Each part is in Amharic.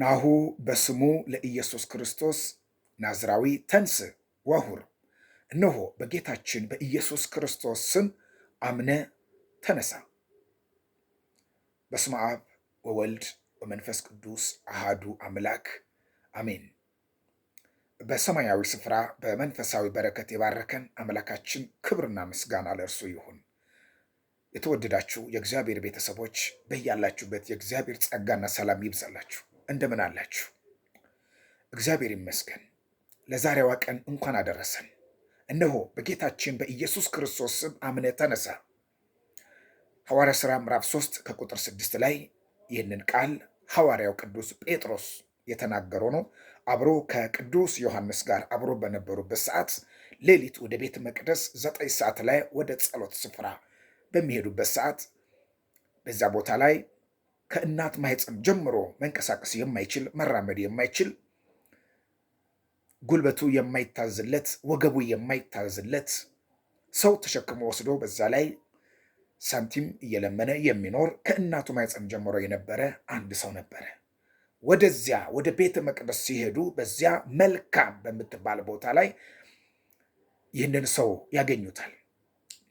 ናሁ በስሙ ለኢየሱስ ክርስቶስ ናዝራዊ ተንስ ወሁር፣ እነሆ በጌታችን በኢየሱስ ክርስቶስ ስም አምነ ተነሳ። በስመ አብ ወወልድ ወመንፈስ ቅዱስ አሃዱ አምላክ አሜን። በሰማያዊ ስፍራ በመንፈሳዊ በረከት የባረከን አምላካችን ክብርና ምስጋና ለእርሱ ይሁን። የተወደዳችሁ የእግዚአብሔር ቤተሰቦች በያላችሁበት የእግዚአብሔር ጸጋና ሰላም ይብዛላችሁ። እንደምን አላችሁ? እግዚአብሔር ይመስገን ለዛሬዋ ቀን እንኳን አደረሰን። እነሆ በጌታችን በኢየሱስ ክርስቶስ ስም አምነ ተነሳ። ሐዋርያ ሥራ ምዕራፍ 3 ከቁጥር 6 ላይ ይህንን ቃል ሐዋርያው ቅዱስ ጴጥሮስ የተናገረው ነው። አብሮ ከቅዱስ ዮሐንስ ጋር አብሮ በነበሩበት ሰዓት ሌሊት ወደ ቤተ መቅደስ ዘጠኝ ሰዓት ላይ ወደ ጸሎት ስፍራ በሚሄዱበት ሰዓት በዚያ ቦታ ላይ ከእናት ማህፀን ጀምሮ መንቀሳቀስ የማይችል መራመድ የማይችል ጉልበቱ የማይታዝለት ወገቡ የማይታዝለት ሰው ተሸክሞ ወስዶ በዛ ላይ ሳንቲም እየለመነ የሚኖር ከእናቱ ማህፀን ጀምሮ የነበረ አንድ ሰው ነበረ። ወደዚያ ወደ ቤተ መቅደስ ሲሄዱ በዚያ መልካም በምትባል ቦታ ላይ ይህንን ሰው ያገኙታል።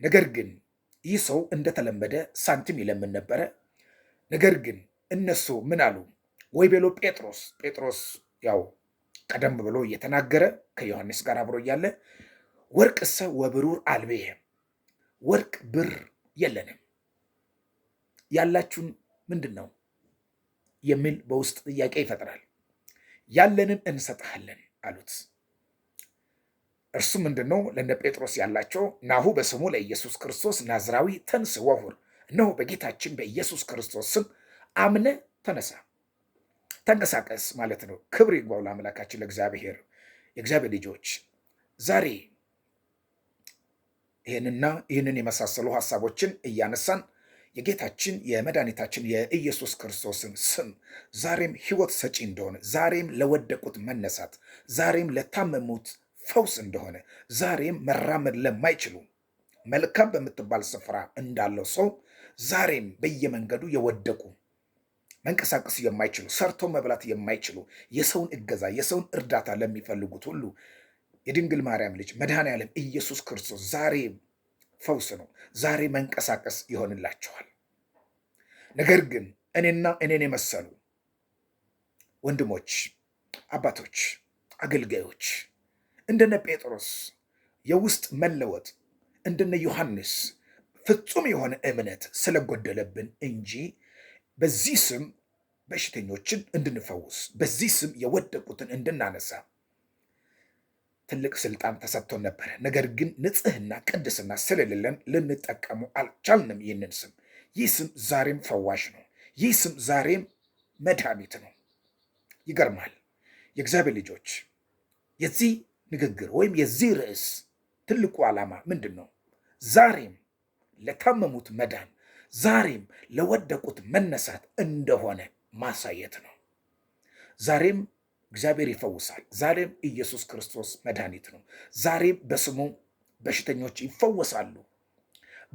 ነገር ግን ይህ ሰው እንደተለመደ ሳንቲም ይለምን ነበረ። ነገር ግን እነሱ ምን አሉ? ወይ ቤሎ ጴጥሮስ ጴጥሮስ ያው ቀደም ብሎ እየተናገረ ከዮሐንስ ጋር አብሮ እያለ ወርቅሰ ወብሩር አልቤየ፣ ወርቅ ብር የለንም ያላችሁን ምንድን ነው የሚል በውስጥ ጥያቄ ይፈጥራል። ያለንን እንሰጥሃለን አሉት። እርሱ ምንድን ነው ለነ ጴጥሮስ ያላቸው ናሁ በስሙ ለኢየሱስ ክርስቶስ ናዝራዊ ተንስ ወሁር እነሆ በጌታችን በኢየሱስ ክርስቶስ ስም አምነ ተነሳ፣ ተንቀሳቀስ ማለት ነው። ክብር ይግባው ለአምላካችን ለእግዚአብሔር። የእግዚአብሔር ልጆች ዛሬ ይህንና ይህንን የመሳሰሉ ሀሳቦችን እያነሳን የጌታችን የመድኃኒታችን የኢየሱስ ክርስቶስን ስም ዛሬም ሕይወት ሰጪ እንደሆነ፣ ዛሬም ለወደቁት መነሳት፣ ዛሬም ለታመሙት ፈውስ እንደሆነ፣ ዛሬም መራመድ ለማይችሉ መልካም በምትባል ስፍራ እንዳለው ሰው ዛሬም በየመንገዱ የወደቁ መንቀሳቀስ የማይችሉ ሰርቶ መብላት የማይችሉ የሰውን እገዛ የሰውን እርዳታ ለሚፈልጉት ሁሉ የድንግል ማርያም ልጅ መድኃኔ ዓለም ኢየሱስ ክርስቶስ ዛሬ ፈውስ ነው። ዛሬ መንቀሳቀስ ይሆንላቸዋል። ነገር ግን እኔና እኔን የመሰሉ ወንድሞች፣ አባቶች፣ አገልጋዮች እንደነ ጴጥሮስ የውስጥ መለወጥ እንደነ ዮሐንስ ፍጹም የሆነ እምነት ስለጎደለብን እንጂ በዚህ ስም በሽተኞችን እንድንፈውስ በዚህ ስም የወደቁትን እንድናነሳ ትልቅ ስልጣን ተሰጥቶን ነበረ። ነገር ግን ንጽህና ቅድስና ስለሌለን ልንጠቀመው አልቻልንም። ይህንን ስም ይህ ስም ዛሬም ፈዋሽ ነው። ይህ ስም ዛሬም መድኃኒት ነው። ይገርማል። የእግዚአብሔር ልጆች የዚህ ንግግር ወይም የዚህ ርዕስ ትልቁ ዓላማ ምንድን ነው? ዛሬም ለታመሙት መዳን፣ ዛሬም ለወደቁት መነሳት እንደሆነ ማሳየት ነው። ዛሬም እግዚአብሔር ይፈውሳል። ዛሬም ኢየሱስ ክርስቶስ መድኃኒት ነው። ዛሬም በስሙ በሽተኞች ይፈወሳሉ።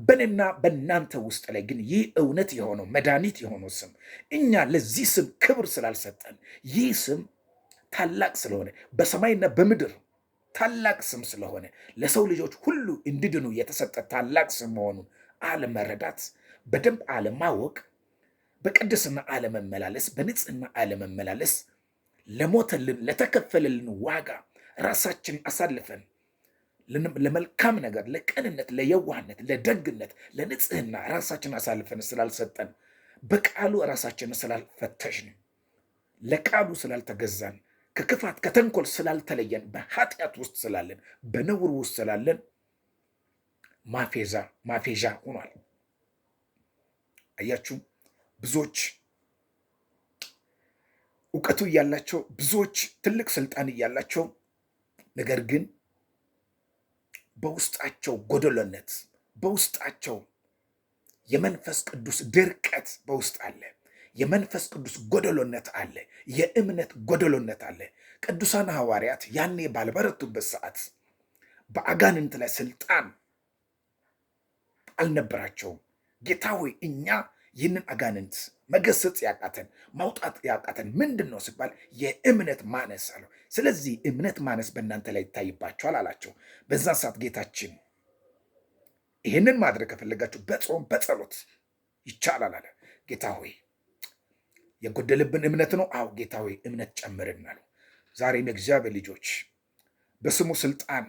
በእኔና በእናንተ ውስጥ ላይ ግን ይህ እውነት የሆነው መድኃኒት የሆነው ስም እኛ ለዚህ ስም ክብር ስላልሰጠን ይህ ስም ታላቅ ስለሆነ በሰማይና በምድር ታላቅ ስም ስለሆነ ለሰው ልጆች ሁሉ እንዲድኑ የተሰጠ ታላቅ ስም መሆኑን አለመረዳት፣ በደንብ አለማወቅ፣ በቅድስና አለመመላለስ፣ በንጽህና አለመመላለስ፣ ለሞተልን ለተከፈለልን ዋጋ ራሳችንን አሳልፈን ለመልካም ነገር፣ ለቀንነት ለየዋህነት፣ ለደግነት፣ ለንጽህና ራሳችን አሳልፈን ስላልሰጠን፣ በቃሉ ራሳችን ስላልፈተሽን፣ ለቃሉ ስላልተገዛን ከክፋት ከተንኮል ስላልተለየን በኃጢአት ውስጥ ስላለን በነውር ውስጥ ስላለን ማፌዛ ማፌዣ ሆኗል። አያችሁ ብዙዎች እውቀቱ እያላቸው ብዙዎች ትልቅ ስልጣን እያላቸው ነገር ግን በውስጣቸው ጎደሎነት፣ በውስጣቸው የመንፈስ ቅዱስ ድርቀት በውስጥ አለ። የመንፈስ ቅዱስ ጎደሎነት አለ፣ የእምነት ጎደሎነት አለ። ቅዱሳን ሐዋርያት ያኔ ባልበረቱበት ሰዓት በአጋንንት ላይ ስልጣን አልነበራቸውም። ጌታ ሆይ እኛ ይህንን አጋንንት መገሰጽ ያቃተን ማውጣት ያቃተን ምንድን ነው ሲባል የእምነት ማነስ አለው። ስለዚህ እምነት ማነስ በእናንተ ላይ ይታይባቸዋል አላቸው። በዛን ሰዓት ጌታችን ይህንን ማድረግ ከፈለጋችሁ በጾም በጸሎት ይቻላል አለ። ጌታ ሆይ የጎደልብን እምነት ነው? አዎ ጌታዊ እምነት ጨምርን አሉ። ዛሬም የእግዚአብሔር ልጆች በስሙ ስልጣን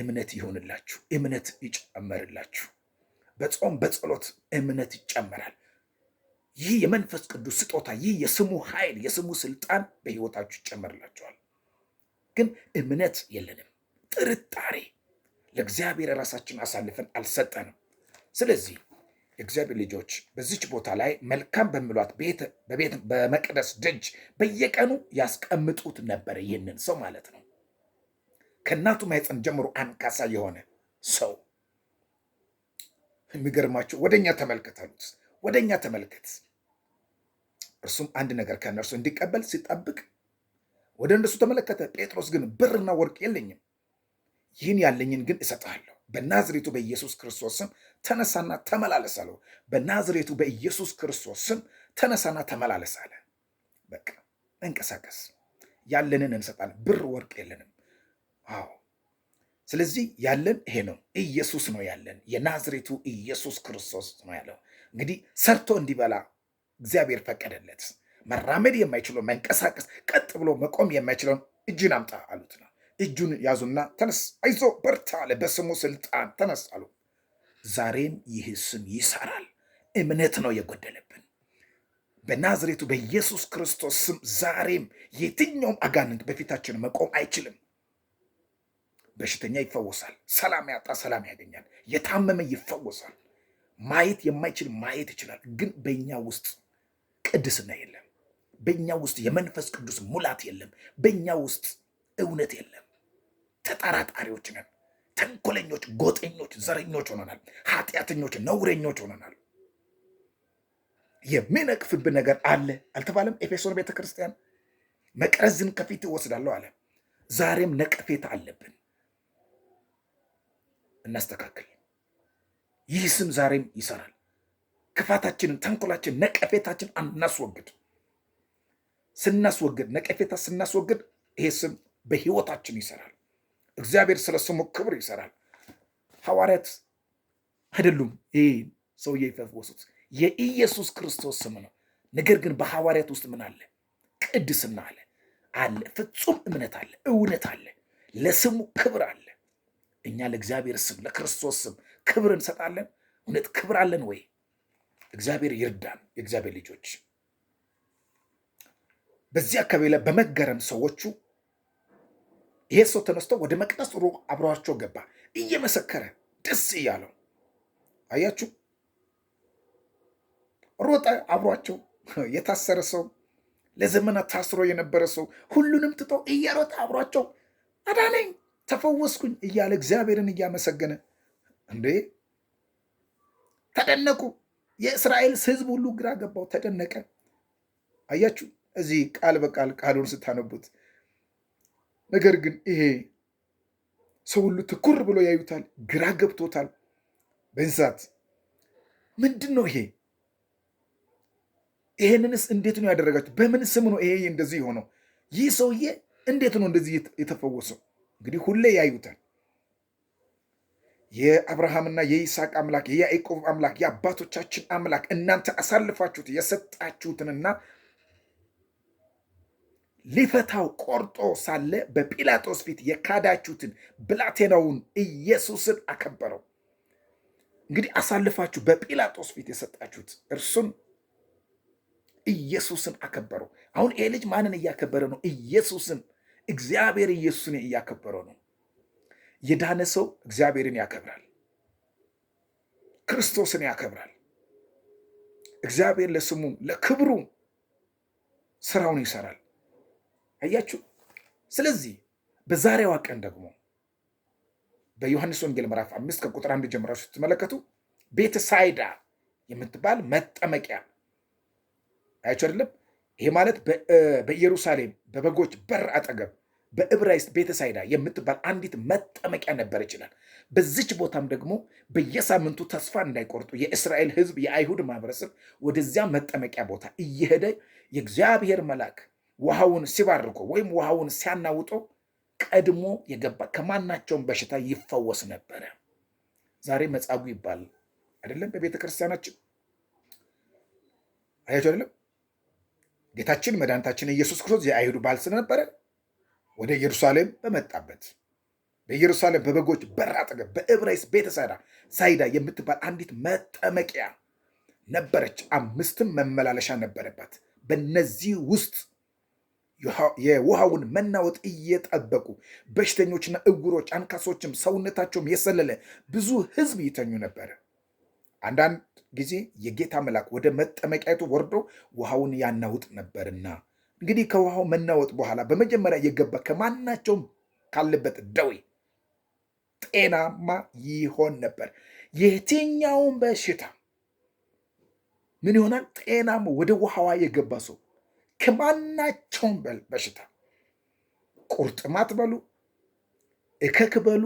እምነት ይሆንላችሁ፣ እምነት ይጨመርላችሁ። በጾም በጸሎት እምነት ይጨመራል። ይህ የመንፈስ ቅዱስ ስጦታ፣ ይህ የስሙ ኃይል፣ የስሙ ስልጣን በህይወታችሁ ይጨመርላችኋል። ግን እምነት የለንም፣ ጥርጣሬ ለእግዚአብሔር ራሳችን አሳልፈን አልሰጠንም። ስለዚህ የእግዚአብሔር ልጆች በዚች ቦታ ላይ መልካም በሚሏት በቤት በመቅደስ ደጅ በየቀኑ ያስቀምጡት ነበረ። ይህንን ሰው ማለት ነው። ከእናቱ ማኅፀን ጀምሮ አንካሳ የሆነ ሰው የሚገርማቸው ወደኛ እኛ ተመልከት አሉት። ተመልከት። እርሱም አንድ ነገር ከእነርሱ እንዲቀበል ሲጠብቅ ወደ እነርሱ ተመለከተ። ጴጥሮስ ግን ብርና ወርቅ የለኝም፣ ይህን ያለኝን ግን እሰጥሃለሁ በናዝሬቱ በኢየሱስ ክርስቶስ ስም ተነሳና ተመላለስ አለው። በናዝሬቱ በኢየሱስ ክርስቶስ ስም ተነሳና ተመላለስ አለ። በቃ እንቀሳቀስ። ያለንን እንሰጣለን። ብር ወርቅ የለንም። አዎ ስለዚህ ያለን ይሄ ነው። ኢየሱስ ነው ያለን። የናዝሬቱ ኢየሱስ ክርስቶስ ነው ያለው። እንግዲህ ሰርቶ እንዲበላ እግዚአብሔር ፈቀደለት። መራመድ የማይችለው መንቀሳቀስ፣ ቀጥ ብሎ መቆም የማይችለውን እጅን አምጣ አሉት ነው እጁን ያዙና ተነስ፣ አይዞ በርታ አለ። በስሙ ስልጣን ተነስ አሉ። ዛሬም ይህ ስም ይሰራል። እምነት ነው የጎደለብን። በናዝሬቱ በኢየሱስ ክርስቶስ ስም ዛሬም የትኛውም አጋንንት በፊታችን መቆም አይችልም። በሽተኛ ይፈወሳል። ሰላም ያጣ ሰላም ያገኛል። የታመመ ይፈወሳል። ማየት የማይችል ማየት ይችላል። ግን በእኛ ውስጥ ቅድስና የለም። በእኛ ውስጥ የመንፈስ ቅዱስ ሙላት የለም። በእኛ ውስጥ እውነት የለም። ተጠራጣሪዎች ነን። ተንኮለኞች፣ ጎጠኞች፣ ዘረኞች ሆነናል። ኃጢአተኞች፣ ነውረኞች ሆነናል። የሚነቅፍብን ነገር አለ አልተባለም? ኤፌሶን ቤተክርስቲያን መቅረዝን ከፊት እወስዳለሁ አለ። ዛሬም ነቀፌታ አለብን። እናስተካክል። ይህ ስም ዛሬም ይሰራል። ክፋታችንን፣ ተንኮላችን፣ ነቀፌታችን አናስወግድ ስናስወግድ፣ ነቀፌታ ስናስወግድ፣ ይሄ ስም በህይወታችን ይሰራል። እግዚአብሔር ስለ ስሙ ክብር ይሰራል። ሐዋርያት አይደሉም ይህ ሰውዬ የፈወሱት የኢየሱስ ክርስቶስ ስም ነው። ነገር ግን በሐዋርያት ውስጥ ምን አለ? ቅድስና አለ አለ ፍጹም እምነት አለ፣ እውነት አለ፣ ለስሙ ክብር አለ። እኛ ለእግዚአብሔር ስም ለክርስቶስ ስም ክብር እንሰጣለን። እውነት ክብር አለን ወይ? እግዚአብሔር ይርዳን። የእግዚአብሔር ልጆች በዚህ አካባቢ ላይ በመገረም ሰዎቹ ይሄ ሰው ተነስቶ ወደ መቅደስ ሩ አብሯቸው ገባ፣ እየመሰከረ ደስ እያለው። አያችሁ፣ ሮጠ አብሯቸው። የታሰረ ሰው፣ ለዘመናት ታስሮ የነበረ ሰው ሁሉንም ትቶ እየሮጠ አብሯቸው አዳነኝ፣ ተፈወስኩኝ እያለ እግዚአብሔርን እያመሰገነ እንዴ ተደነቁ። የእስራኤል ህዝብ ሁሉ ግራ ገባው፣ ተደነቀ። አያችሁ፣ እዚህ ቃል በቃል ቃሉን ስታነቡት ነገር ግን ይሄ ሰው ሁሉ ትኩር ብሎ ያዩታል፣ ግራ ገብቶታል። በእንስሳት ምንድን ነው ይሄ? ይሄንንስ እንዴት ነው ያደረጋችሁ? በምን ስም ነው ይሄ እንደዚህ የሆነው? ይህ ሰውዬ እንዴት ነው እንደዚህ የተፈወሰው? እንግዲህ ሁሌ ያዩታል። የአብርሃምና የይስሐቅ አምላክ የያዕቆብ አምላክ የአባቶቻችን አምላክ እናንተ አሳልፋችሁት የሰጣችሁትንና ሊፈታው ቆርጦ ሳለ በጲላጦስ ፊት የካዳችሁትን ብላቴናውን ኢየሱስን አከበረው። እንግዲህ አሳልፋችሁ በጲላጦስ ፊት የሰጣችሁት እርሱን ኢየሱስን አከበረው። አሁን ይሄ ልጅ ማንን እያከበረ ነው? ኢየሱስን። እግዚአብሔር ኢየሱስን እያከበረው ነው። የዳነ ሰው እግዚአብሔርን ያከብራል፣ ክርስቶስን ያከብራል። እግዚአብሔር ለስሙ ለክብሩ ስራውን ይሰራል። አያችሁ። ስለዚህ በዛሬዋ ቀን ደግሞ በዮሐንስ ወንጌል ምዕራፍ አምስት ከቁጥር አንድ ጀምራችሁ ስትመለከቱ ቤተሳይዳ የምትባል መጠመቂያ አያችሁ አይደለም። ይሄ ማለት በኢየሩሳሌም በበጎች በር አጠገብ በዕብራይስጥ ቤተሳይዳ የምትባል አንዲት መጠመቂያ ነበር ይችላል። በዚች ቦታም ደግሞ በየሳምንቱ ተስፋ እንዳይቆርጡ የእስራኤል ሕዝብ የአይሁድ ማህበረሰብ ወደዚያ መጠመቂያ ቦታ እየሄደ የእግዚአብሔር መልአክ ውሃውን ሲባርኮ ወይም ውሃውን ሲያናውጦ ቀድሞ የገባ ከማናቸውም በሽታ ይፈወስ ነበረ። ዛሬ መጻጉ ይባላል አይደለም? በቤተ ክርስቲያናችን አያቸው አይደለም? ጌታችን መድኃኒታችን ኢየሱስ ክርስቶስ የአይሁድ በዓል ስለነበረ ወደ ኢየሩሳሌም በመጣበት በኢየሩሳሌም በበጎች በር አጠገብ በዕብራይስጥ ቤተ ሳይዳ የምትባል አንዲት መጠመቂያ ነበረች። አምስትም መመላለሻ ነበረባት። በነዚህ ውስጥ የውሃውን መናወጥ እየጠበቁ በሽተኞችና እውሮች፣ አንካሶችም ሰውነታቸውም የሰለለ ብዙ ሕዝብ ይተኙ ነበር። አንዳንድ ጊዜ የጌታ መልአክ ወደ መጠመቂያቱ ወርዶ ውሃውን ያናውጥ ነበርና እንግዲህ ከውሃው መናወጥ በኋላ በመጀመሪያ የገባ ከማናቸውም ካለበት ደዌ ጤናማ ይሆን ነበር። የትኛውን በሽታ ምን ይሆናል? ጤናማ ወደ ውሃዋ የገባ ሰው ከማናቸውም በሽታ ቁርጥማት በሉ፣ እከክ በሉ፣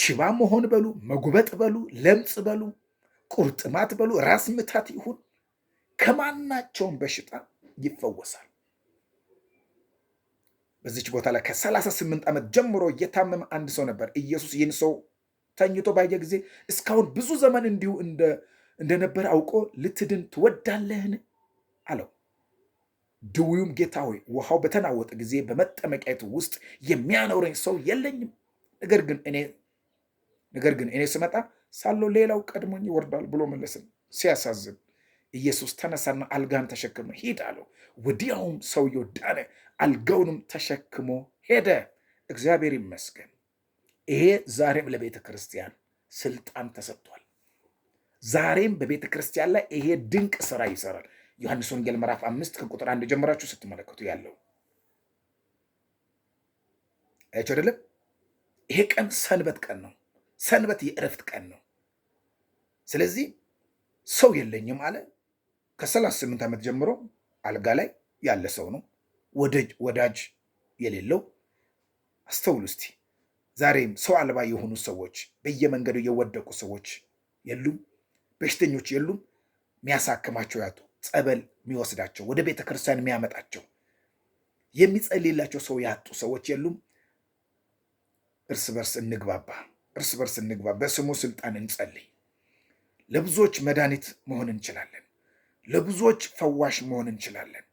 ሽባ መሆን በሉ፣ መጉበጥ በሉ፣ ለምጽ በሉ፣ ቁርጥማት በሉ፣ ራስ ምታት ይሁን ከማናቸውም በሽታ ይፈወሳል። በዚች ቦታ ላይ ከሰላሳ ስምንት ዓመት ጀምሮ እየታመመ አንድ ሰው ነበር። ኢየሱስ ይህን ሰው ተኝቶ ባየ ጊዜ እስካሁን ብዙ ዘመን እንዲሁ እንደነበረ አውቆ ልትድን ትወዳለህን? አለው። ድውዩም ጌታ ሆይ ውሃው በተናወጠ ጊዜ በመጠመቂያቱ ውስጥ የሚያኖረኝ ሰው የለኝም፣ ነገር ግን እኔ ነገር ግን እኔ ስመጣ ሳለው ሌላው ቀድሞኝ ይወርዳል ብሎ መለስን። ሲያሳዝን ኢየሱስ ተነሳና አልጋን ተሸክመ ሂድ አለው። ወዲያውም ሰውየው ዳነ፣ አልጋውንም ተሸክሞ ሄደ። እግዚአብሔር ይመስገን። ይሄ ዛሬም ለቤተ ክርስቲያን ስልጣን ተሰጥቷል። ዛሬም በቤተ ክርስቲያን ላይ ይሄ ድንቅ ስራ ይሰራል። ዮሐንስ ወንጌል ምዕራፍ አምስት ከቁጥር አንድ ጀምራችሁ ስትመለከቱ ያለው አያችሁ አይደለም? ይሄ ቀን ሰንበት ቀን ነው። ሰንበት የእረፍት ቀን ነው። ስለዚህ ሰው የለኝም አለ። ከሰላሳ ስምንት ዓመት ጀምሮ አልጋ ላይ ያለ ሰው ነው። ወዳጅ የሌለው አስተውሉ እስቲ። ዛሬም ሰው አልባ የሆኑ ሰዎች፣ በየመንገዱ የወደቁ ሰዎች የሉም። በሽተኞች የሉም። የሚያሳክማቸው ያጡ ጸበል የሚወስዳቸው ወደ ቤተ ክርስቲያን የሚያመጣቸው የሚጸልይላቸው ሰው ያጡ ሰዎች የሉም። እርስ በርስ እንግባባ፣ እርስ በርስ እንግባ፣ በስሙ ስልጣን እንጸልይ። ለብዙዎች መድኃኒት መሆን እንችላለን። ለብዙዎች ፈዋሽ መሆን እንችላለን።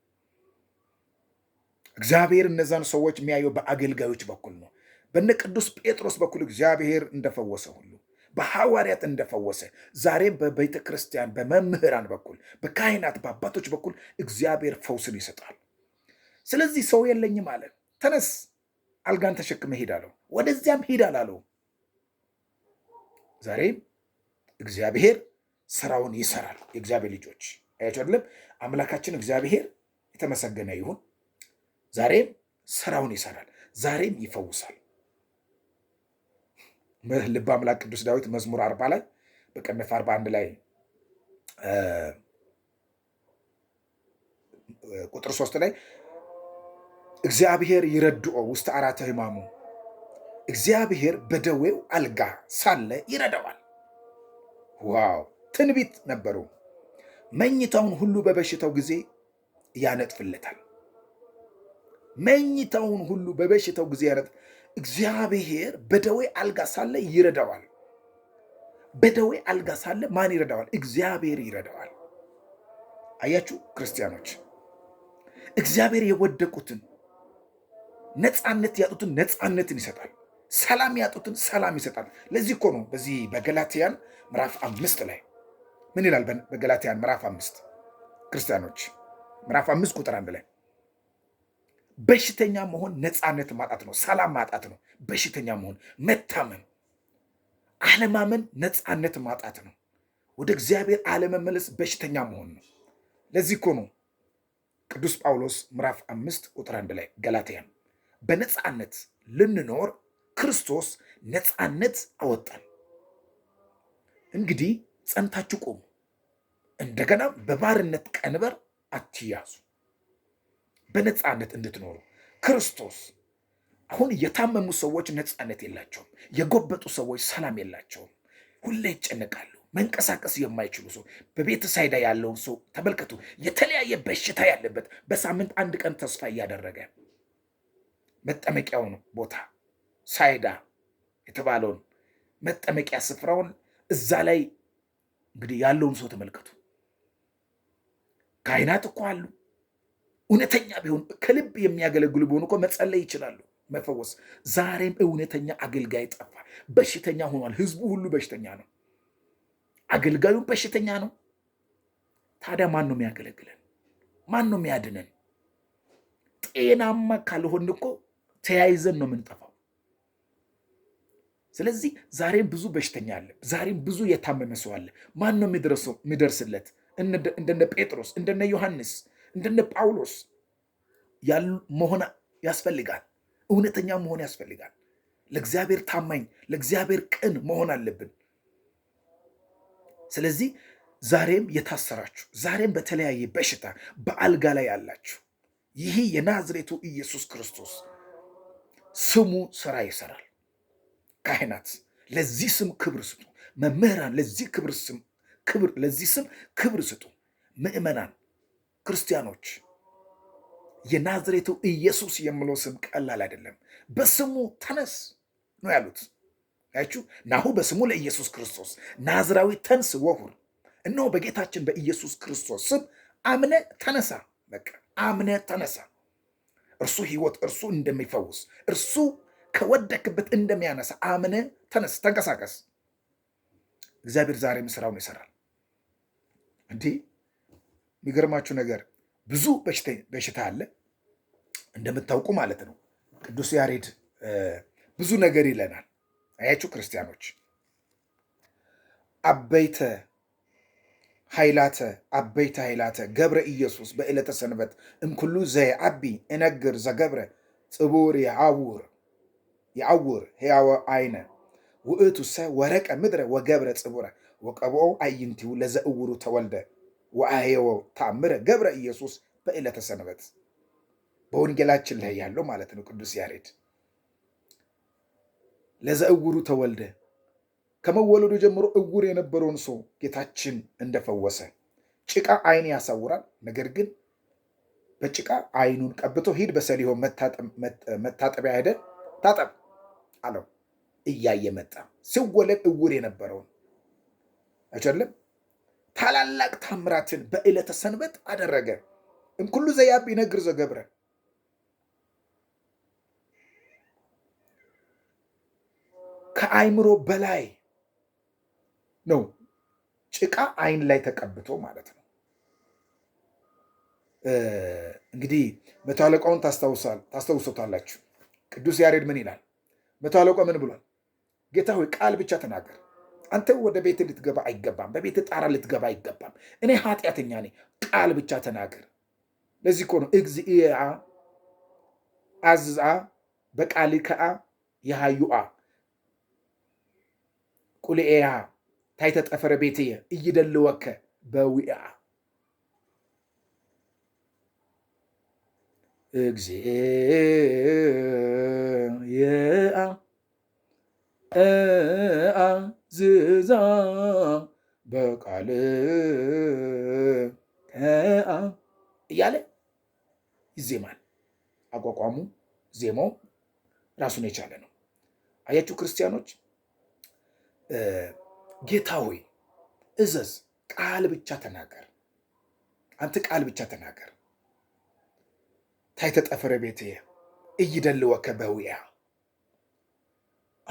እግዚአብሔር እነዛን ሰዎች የሚያየው በአገልጋዮች በኩል ነው። በነ ቅዱስ ጴጥሮስ በኩል እግዚአብሔር እንደፈወሰ ሁሉ በሐዋርያት እንደፈወሰ ዛሬም በቤተ ክርስቲያን በመምህራን በኩል በካህናት በአባቶች በኩል እግዚአብሔር ፈውስን ይሰጣል። ስለዚህ ሰው የለኝም አለ። ተነስ አልጋን ተሸክመ ሂድ አለው። ወደዚያም ሂድ አላለው። ዛሬም እግዚአብሔር ስራውን ይሰራል። የእግዚአብሔር ልጆች አያቸው አይደለም። አምላካችን እግዚአብሔር የተመሰገነ ይሁን። ዛሬም ስራውን ይሰራል። ዛሬም ይፈውሳል። ልበ አምላክ ቅዱስ ዳዊት መዝሙር አርባ ላይ በቅንፍ አርባ አንድ ላይ ቁጥር ሶስት ላይ እግዚአብሔር ይረድኦ ውስጥ አራተ ሕማሙ እግዚአብሔር በደዌው አልጋ ሳለ ይረዳዋል። ዋው ትንቢት ነበሩ። መኝታውን ሁሉ በበሽታው ጊዜ ያነጥፍለታል። መኝታውን ሁሉ በበሽታው ጊዜ ያነጥፍ እግዚአብሔር በደዌ አልጋ ሳለ ይረዳዋል። በደዌ አልጋ ሳለ ማን ይረዳዋል? እግዚአብሔር ይረዳዋል። አያችሁ ክርስቲያኖች፣ እግዚአብሔር የወደቁትን ነፃነት ያጡትን ነፃነትን ይሰጣል። ሰላም ያጡትን ሰላም ይሰጣል። ለዚህ እኮ ነው በዚህ በገላትያን ምዕራፍ አምስት ላይ ምን ይላል? በገላትያን ምዕራፍ አምስት ክርስቲያኖች ምዕራፍ አምስት ቁጥር አንድ ላይ በሽተኛ መሆን ነፃነት ማጣት ነው። ሰላም ማጣት ነው። በሽተኛ መሆን መታመም፣ አለማመን ነፃነት ማጣት ነው። ወደ እግዚአብሔር አለመመለስ በሽተኛ መሆን ነው። ለዚህ እኮ ነው ቅዱስ ጳውሎስ ምዕራፍ አምስት ቁጥር አንድ ላይ ገላትያን በነፃነት ልንኖር ክርስቶስ ነፃነት አወጣን። እንግዲህ ጸንታችሁ ቆሙ፣ እንደገና በባርነት ቀንበር አትያዙ። በነፃነት እንድትኖሩ ክርስቶስ አሁን የታመሙ ሰዎች ነፃነት የላቸውም። የጎበጡ ሰዎች ሰላም የላቸውም። ሁሌ ይጨነቃሉ። መንቀሳቀስ የማይችሉ ሰው በቤተ ሳይዳ ያለውን ሰው ተመልከቱ። የተለያየ በሽታ ያለበት በሳምንት አንድ ቀን ተስፋ እያደረገ መጠመቂያውን ቦታ ሳይዳ የተባለውን መጠመቂያ ስፍራውን እዛ ላይ እንግዲህ ያለውን ሰው ተመልከቱ። ካህናት እኮ አሉ እውነተኛ ቢሆን ከልብ የሚያገለግሉ ቢሆኑ እኮ መጸለይ ይችላሉ። መፈወስ ዛሬም እውነተኛ አገልጋይ ጠፋ። በሽተኛ ሆኗል። ህዝቡ ሁሉ በሽተኛ ነው። አገልጋዩም በሽተኛ ነው። ታዲያ ማን ነው የሚያገለግለን? ማን ነው የሚያድነን? ጤናማ ካልሆን እኮ ተያይዘን ነው የምንጠፋው። ስለዚህ ዛሬም ብዙ በሽተኛ አለ። ዛሬም ብዙ የታመመ ሰው አለ። ማን ነው የሚደርስለት? እንደነ ጴጥሮስ እንደነ ዮሐንስ እንደነ ጳውሎስ መሆን ያስፈልጋል። እውነተኛ መሆን ያስፈልጋል። ለእግዚአብሔር ታማኝ፣ ለእግዚአብሔር ቅን መሆን አለብን። ስለዚህ ዛሬም የታሰራችሁ፣ ዛሬም በተለያየ በሽታ በአልጋ ላይ ያላችሁ ይህ የናዝሬቱ ኢየሱስ ክርስቶስ ስሙ ስራ ይሰራል። ካህናት ለዚህ ስም ክብር ስጡ። መምህራን ለዚህ ክብር ስም ክብር ለዚህ ስም ክብር ስጡ። ምእመናን። ክርስቲያኖች የናዝሬቱ ኢየሱስ የምለው ስም ቀላል አይደለም። በስሙ ተነስ ነው ያሉት። ያችሁ ናሁ በስሙ ለኢየሱስ ክርስቶስ ናዝራዊ ተንስ ወሁር። እነሆ በጌታችን በኢየሱስ ክርስቶስ ስም አምነ ተነሳ። በቃ አምነ ተነሳ። እርሱ ህይወት እርሱ እንደሚፈውስ፣ እርሱ ከወደክበት እንደሚያነሳ አምነ ተነስ፣ ተንቀሳቀስ። እግዚአብሔር ዛሬም ስራውን ይሰራል እንዲህ የሚገርማችሁ ነገር ብዙ በሽታ አለ እንደምታውቁ ማለት ነው። ቅዱስ ያሬድ ብዙ ነገር ይለናል። አያችሁ ክርስቲያኖች፣ አበይተ ኃይላተ አበይተ ኃይላተ ገብረ ኢየሱስ በዕለተ ሰንበት እምኩሉ አቢ እነግር ዘገብረ ጽቡር የአውር የአውር ሕያወ አይነ ውእቱ ሰ ወረቀ ምድረ ወገብረ ጽቡረ ወቀብኦ አይንቲው ለዘእውሩ ተወልደ ወአየወ ታምረ ገብረ ኢየሱስ በዕለተ ሰንበት በወንጌላችን ላይ ያለው ማለት ነው። ቅዱስ ያሬድ ለዘ እውሩ ተወልደ ከመወለዱ ጀምሮ እውር የነበረውን ሰው ጌታችን እንደፈወሰ ጭቃ ዓይን ያሳውራል። ነገር ግን በጭቃ ዓይኑን ቀብቶ ሂድ በሰሊሆ መታጠቢያ ሄደ ታጠብ አለው። እያየ መጣ ሲወለድ እውር የነበረውን አይደለም ታላላቅ ታምራትን በዕለተ ሰንበት አደረገ። እንኩሉ ዘያብ ይነግር ዘገብረ ከአይምሮ በላይ ነው። ጭቃ አይን ላይ ተቀብቶ ማለት ነው። እንግዲህ መቶ አለቃውን ታስታውሶታላችሁ። ቅዱስ ያሬድ ምን ይላል? መቶ አለቃ ምን ብሏል? ጌታ ሆይ ቃል ብቻ ተናገር አንተ ወደ ቤት ልትገባ አይገባም። በቤት ጣራ ልትገባ አይገባም። እኔ ኃጢአተኛ ነኝ፣ ቃል ብቻ ተናገር። ለዚህ እኮ ነው እግዚአ አዝአ ከአ የሃዩአ ቁልኤያ ታይተጠፈረ ቤትየ እይደልወከ በዊአ እግዚአ ዝዛ በቃል ከአ እያለ ይዜማል። አቋቋሙ ዜማው ራሱን የቻለ ነው። አያችሁ ክርስቲያኖች፣ ጌታ ሆይ እዘዝ፣ ቃል ብቻ ተናገር፣ አንተ ቃል ብቻ ተናገር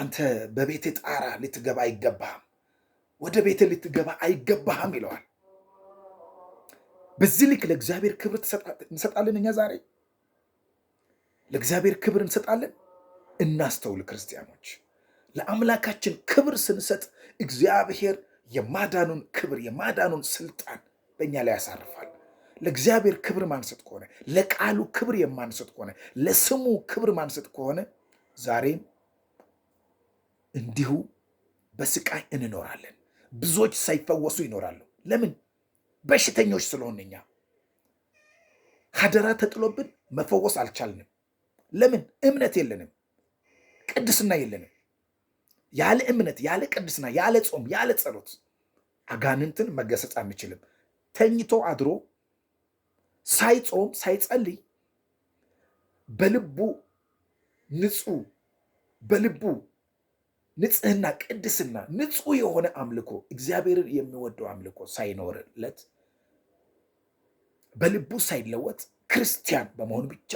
አንተ በቤቴ ጣራ ልትገባ አይገባህም፣ ወደ ቤቴ ልትገባ አይገባህም ይለዋል። በዚህ ልክ ለእግዚአብሔር ክብር እንሰጣለን። እኛ ዛሬ ለእግዚአብሔር ክብር እንሰጣለን። እናስተውል ክርስቲያኖች፣ ለአምላካችን ክብር ስንሰጥ እግዚአብሔር የማዳኑን ክብር የማዳኑን ስልጣን በእኛ ላይ ያሳርፋል። ለእግዚአብሔር ክብር ማንሰጥ ከሆነ፣ ለቃሉ ክብር የማንሰጥ ከሆነ፣ ለስሙ ክብር ማንሰጥ ከሆነ ዛሬም እንዲሁ በስቃይ እንኖራለን። ብዙዎች ሳይፈወሱ ይኖራሉ። ለምን? በሽተኞች ስለሆን እኛ ሀደራ ተጥሎብን መፈወስ አልቻልንም። ለምን? እምነት የለንም፣ ቅድስና የለንም። ያለ እምነት፣ ያለ ቅድስና፣ ያለ ጾም፣ ያለ ጸሎት አጋንንትን መገሰጽ አንችልም። ተኝቶ አድሮ ሳይጾም ሳይጸልይ በልቡ ንጹህ በልቡ ንጽህና፣ ቅድስና፣ ንጹህ የሆነ አምልኮ እግዚአብሔርን የሚወደው አምልኮ ሳይኖርለት በልቡ ሳይለወጥ ክርስቲያን በመሆን ብቻ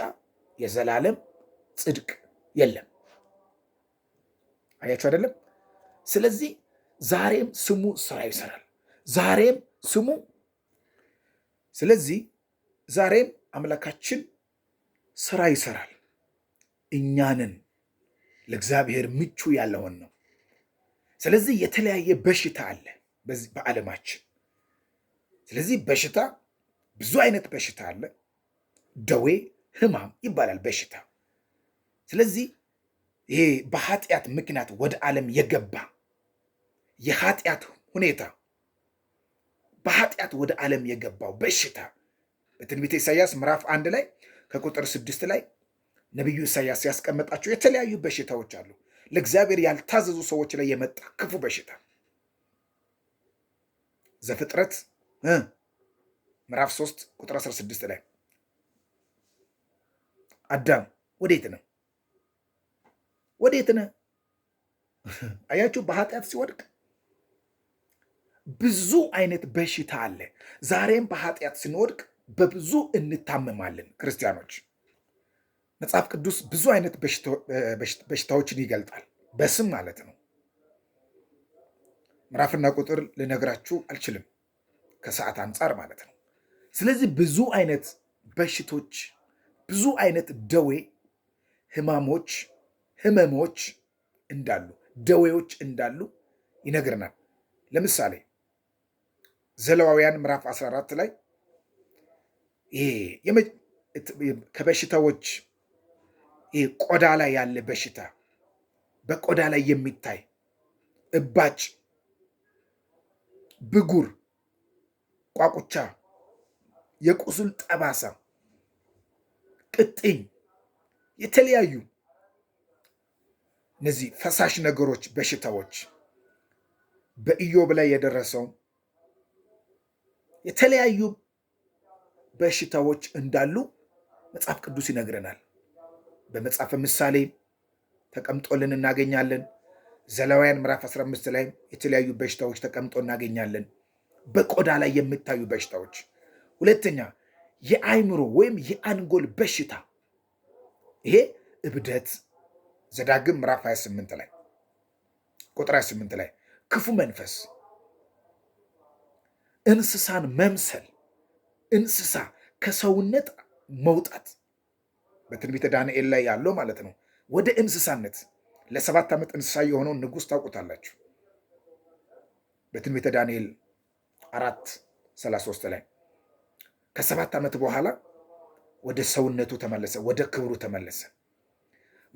የዘላለም ጽድቅ የለም። አያችሁ አይደለም? ስለዚህ ዛሬም ስሙ ስራ ይሰራል። ዛሬም ስሙ ስለዚህ ዛሬም አምላካችን ስራ ይሰራል እኛንን ለእግዚአብሔር ምቹ ያለውን ነው። ስለዚህ የተለያየ በሽታ አለ በዓለማችን። ስለዚህ በሽታ ብዙ አይነት በሽታ አለ። ደዌ ህማም ይባላል በሽታ። ስለዚህ ይሄ በኃጢአት ምክንያት ወደ ዓለም የገባ የኃጢአት ሁኔታ በኃጢአት ወደ ዓለም የገባው በሽታ በትንቢተ ኢሳያስ ምዕራፍ አንድ ላይ ከቁጥር ስድስት ላይ ነቢዩ ኢሳያስ ያስቀመጣቸው የተለያዩ በሽታዎች አሉ። ለእግዚአብሔር ያልታዘዙ ሰዎች ላይ የመጣ ክፉ በሽታ ዘፍጥረት ምዕራፍ 3 ቁጥር 16 ላይ አዳም ወዴት ነህ? ወዴት ነህ? አያችሁ፣ በኃጢአት ሲወድቅ ብዙ አይነት በሽታ አለ። ዛሬም በኃጢአት ስንወድቅ በብዙ እንታመማለን ክርስቲያኖች መጽሐፍ ቅዱስ ብዙ አይነት በሽታዎችን ይገልጣል፣ በስም ማለት ነው። ምዕራፍና ቁጥር ልነግራችሁ አልችልም፣ ከሰዓት አንጻር ማለት ነው። ስለዚህ ብዙ አይነት በሽቶች፣ ብዙ አይነት ደዌ፣ ህማሞች፣ ህመሞች እንዳሉ ደዌዎች እንዳሉ ይነግርናል። ለምሳሌ ዘለዋውያን ምዕራፍ 14 ላይ ይሄ ከበሽታዎች ይህ ቆዳ ላይ ያለ በሽታ በቆዳ ላይ የሚታይ እባጭ፣ ብጉር፣ ቋቁቻ፣ የቁስል ጠባሳ፣ ቅጥኝ፣ የተለያዩ እነዚህ ፈሳሽ ነገሮች በሽታዎች በኢዮብ ላይ የደረሰው የተለያዩ በሽታዎች እንዳሉ መጽሐፍ ቅዱስ ይነግረናል። በመጽሐፈ ምሳሌ ተቀምጦልን እናገኛለን። ዘሌዋውያን ምዕራፍ 15 ላይ የተለያዩ በሽታዎች ተቀምጦ እናገኛለን። በቆዳ ላይ የሚታዩ በሽታዎች። ሁለተኛ የአይምሮ ወይም የአንጎል በሽታ ይሄ እብደት፣ ዘዳግም ምዕራፍ 28 ላይ ቁጥር 28 ላይ ክፉ መንፈስ፣ እንስሳን መምሰል፣ እንስሳ ከሰውነት መውጣት በትንቢተ ዳንኤል ላይ ያለው ማለት ነው። ወደ እንስሳነት ለሰባት ዓመት እንስሳ የሆነውን ንጉሥ ታውቁታላችሁ። በትንቢተ ዳንኤል አራት 3 ላይ ከሰባት ዓመት በኋላ ወደ ሰውነቱ ተመለሰ፣ ወደ ክብሩ ተመለሰ።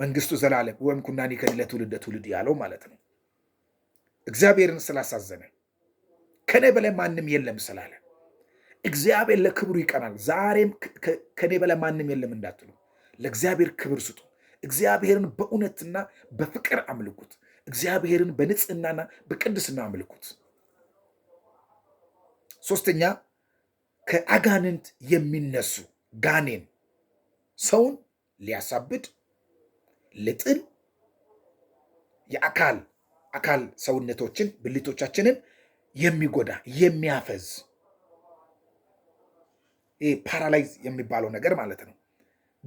መንግስቱ ዘላለም ወይም ኩናኒ ከሌለ ትውልደ ትውልድ ያለው ማለት ነው። እግዚአብሔርን ስላሳዘነ ከኔ በላይ ማንም የለም ስላለ እግዚአብሔር ለክብሩ ይቀናል። ዛሬም ከኔ በላይ ማንም የለም እንዳትሉ ለእግዚአብሔር ክብር ስጡ። እግዚአብሔርን በእውነትና በፍቅር አምልኩት። እግዚአብሔርን በንጽህናና በቅድስና አምልኩት። ሶስተኛ ከአጋንንት የሚነሱ ጋኔን ሰውን ሊያሳብድ ልጥል የአካል አካል ሰውነቶችን ብልቶቻችንን የሚጎዳ የሚያፈዝ ይህ ፓራላይዝ የሚባለው ነገር ማለት ነው።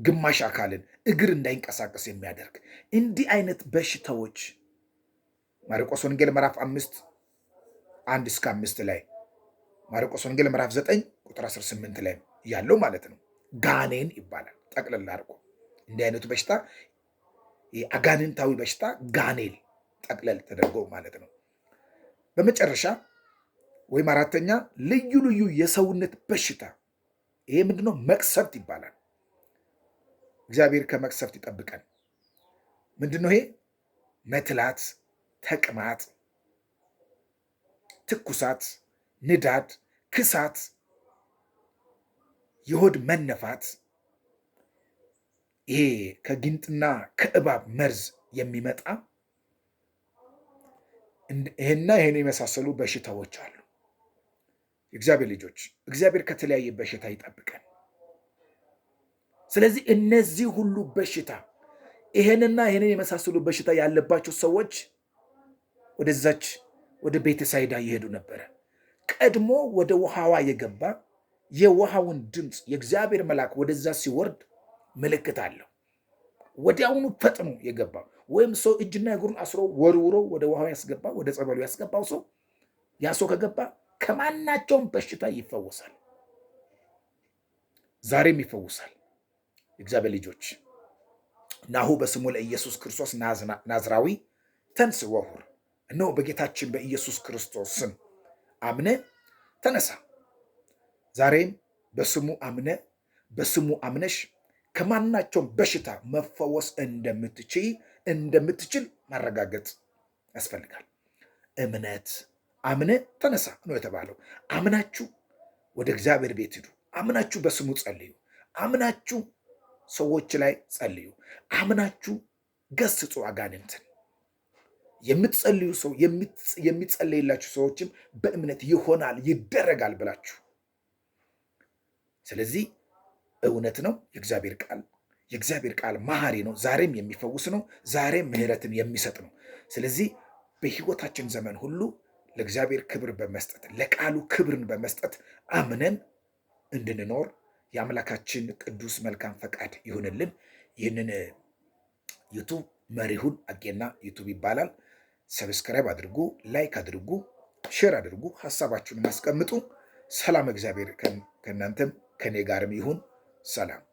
ግማሽ አካልን እግር እንዳይንቀሳቀስ የሚያደርግ እንዲህ አይነት በሽታዎች ማርቆስ ወንጌል ምዕራፍ አምስት አንድ እስከ አምስት ላይ ማርቆስ ወንጌል ምዕራፍ ዘጠኝ ቁጥር 18 ላይ ያለው ማለት ነው። ጋኔን ይባላል ጠቅልላ አድርጎ እንዲህ አይነቱ በሽታ አጋንንታዊ በሽታ ጋኔል ጠቅለል ተደርጎ ማለት ነው። በመጨረሻ ወይም አራተኛ ልዩ ልዩ የሰውነት በሽታ ይሄ ምንድነው? መቅሰፍት ይባላል። እግዚአብሔር ከመቅሰፍት ይጠብቀን። ምንድን ነው ይሄ? መትላት፣ ተቅማጥ፣ ትኩሳት፣ ንዳድ፣ ክሳት፣ የሆድ መነፋት ይሄ ከጊንጥና ከእባብ መርዝ የሚመጣ ይህና ይህን የመሳሰሉ በሽታዎች አሉ። እግዚአብሔር ልጆች፣ እግዚአብሔር ከተለያየ በሽታ ይጠብቀን። ስለዚህ እነዚህ ሁሉ በሽታ ይሄንና ይሄንን የመሳሰሉ በሽታ ያለባቸው ሰዎች ወደዛች ወደ ቤተሳይዳ እየሄዱ ነበረ። ቀድሞ ወደ ውሃዋ የገባ የውሃውን ድምፅ የእግዚአብሔር መልአክ ወደዛ ሲወርድ ምልክት አለው። ወዲያውኑ ፈጥኖ የገባ ወይም ሰው እጅና እግሩን አስሮ ወርውሮ ወደ ውሃው ያስገባ ወደ ጸበሉ ያስገባው ሰው ያ ሰው ከገባ ከማናቸውም በሽታ ይፈወሳል። ዛሬም ይፈወሳል። እግዚአብሔር ልጆች ናሁ በስሙ ለኢየሱስ ክርስቶስ ናዝራዊ ተንስ ወሁር፣ እነሆ በጌታችን በኢየሱስ ክርስቶስ ስም አምነ ተነሳ። ዛሬም በስሙ አምነ በስሙ አምነሽ ከማናቸውም በሽታ መፈወስ እንደምትችይ እንደምትችል ማረጋገጥ ያስፈልጋል። እምነት አምነ ተነሳ ነው የተባለው። አምናችሁ ወደ እግዚአብሔር ቤት ሂዱ። አምናችሁ በስሙ ጸልዩ። አምናችሁ ሰዎች ላይ ጸልዩ። አምናችሁ ገስጹ አጋንንትን። የምትጸልዩ ሰው የሚጸለይላችሁ ሰዎችም በእምነት ይሆናል ይደረጋል ብላችሁ ስለዚህ እውነት ነው የእግዚአብሔር ቃል። የእግዚአብሔር ቃል መሐሪ ነው። ዛሬም የሚፈውስ ነው። ዛሬም ምሕረትን የሚሰጥ ነው። ስለዚህ በሕይወታችን ዘመን ሁሉ ለእግዚአብሔር ክብር በመስጠት ለቃሉ ክብርን በመስጠት አምነን እንድንኖር የአምላካችን ቅዱስ መልካም ፈቃድ ይሁንልን። ይህንን ዩቱብ መሪሁን አጌና ዩቱብ ይባላል። ሰብስክራይብ አድርጉ፣ ላይክ አድርጉ፣ ሼር አድርጉ፣ ሀሳባችሁን አስቀምጡ። ሰላም እግዚአብሔር ከእናንተም ከእኔ ጋርም ይሁን። ሰላም